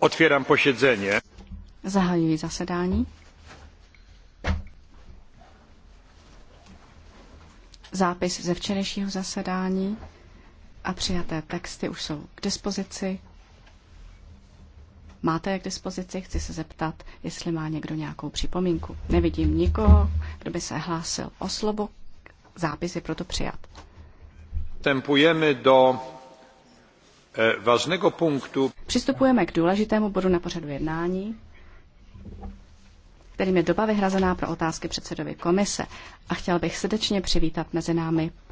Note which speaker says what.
Speaker 1: Otvírám posiedzenie.
Speaker 2: Zahajuji zasedání. Zápis ze včerejšího zasedání a přijaté texty už jsou k dispozici. Máte je k dispozici? Chci se zeptat, jestli má někdo nějakou připomínku. Nevidím nikoho, kdo by se hlásil o slovo. Zápis je proto přijat.
Speaker 3: Tempujeme do ważnego eh, punktu.
Speaker 2: Přistupujeme k důležitému bodu na pořadu jednání, kterým je doba vyhrazená pro otázky předsedovi komise. A chtěl bych srdečně přivítat mezi námi